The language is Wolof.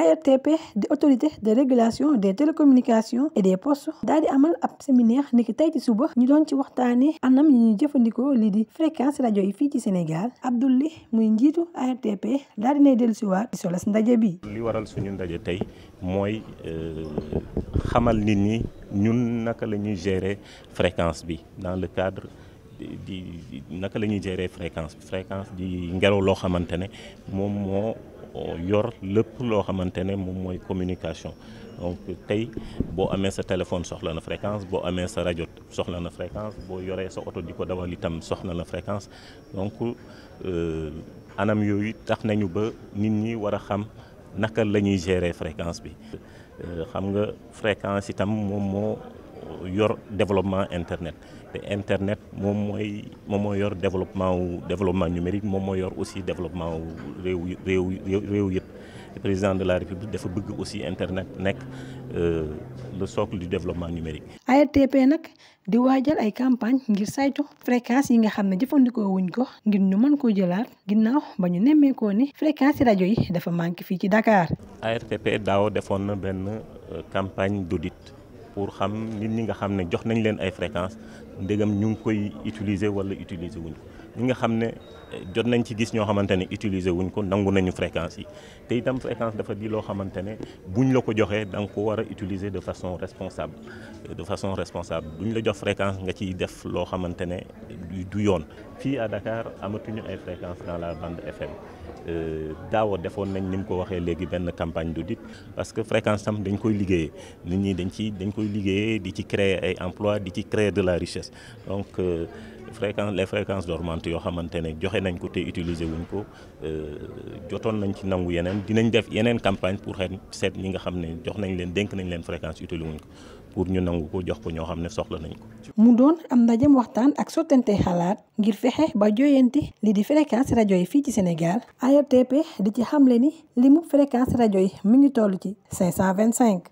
ARTP di autorité de régulation des télécommunications et des post daal di amal ab séminaire niki tey ci suba ñu doon ci waxtaanee anam yi ñuy jëfandikoo lii di fréquence rajo yi fii ci Sénégal Abdoulaye muy njiitu ARTP daal di nay dellusiwaat ci solas ndaje bi. li waral suñu ndaje tey mooy euh, xamal nit ñi ñun naka la ñuy gérer fréquence bi dans le cadre. di naka la ñuy gérer fréquence fréquence di ngelaw loo xamante ne moom moo euh, yor lépp loo xamante ne moom mooy communication donc tey boo amee sa téléphone soxla na fréquence boo amee sa rajo soxla na fréquence boo yoree sa oto di ko dawal itam soxla na fréquence donc euh, anam yooyu tax nañu ba nit ñi war a xam naka la ñuy gérer fréquence bi euh, xam nga fréquence itam moom moo yor développement internet internet moom mooy moom mooy yor développement wu développement numérique moom mooy yor aussi développement wu réew réew réew yëpp président de la république dafa bëgg aussi internet nekk euh, le socle du développement numérique. ARTP nag di waajal ay campagne ngir saytu fréquence yi nga xam ne jëfandikoo wuñ ko ngir ñu mën koo jëlaat ginnaaw ba ñu nemmeekoo ni fréquence yi rajo yi dafa manqué fii ci dakaar ARTP daaw defoon na benn euh, campagne d'audit pour xam nit ñi nga xam ne jox nañ leen ay fréquences ndegam ñu ngi koy utiliser wala utiliser wuñu ñu nga xam ne jot nañ ci gis ñoo xamante ne utiliser wuñ ko nangu nañu fréquence yi te itam fréquence dafa di loo xamante ne buñ la ko joxee da ko war a utiliser de façon responsable de façon responsable duñ la jox fréquence nga ciy def loo xamante ne du yoon fii à Dakar amatuñu ay fréquence dans la bande FM euh, daaw defoon nañ ni mu ko waxee léegi benn campagne d'audit parce que fréquence tam dañ koy liggéeyee nit ñi dañ ci dañ koy liggéeyee di ci créer ay emploi di ci créer de la richesse donc euh, fréquence les fréquences dormantes yoo xamante ne joxe nañ ko te utiliser wuñ ko euh, jotoon nañ ci nangu yeneen dinañ def yeneen campagne pour xeet seet ñi nga xam ne jox nañ leen dénk nañ leen fréquence utiliser wuñ ko pour ñu nangu ko jox ko ñoo xam ne soxla nañ ko. mu doon am ndajem waxtaan ak sottante xalaat ngir fexe ba joyanti li di fréquence rajo yi fii ci Sénégal ARTP di ci xam xamle ni limu fréquence rajo yi mi ngi toll ci cinq cent vingt cinq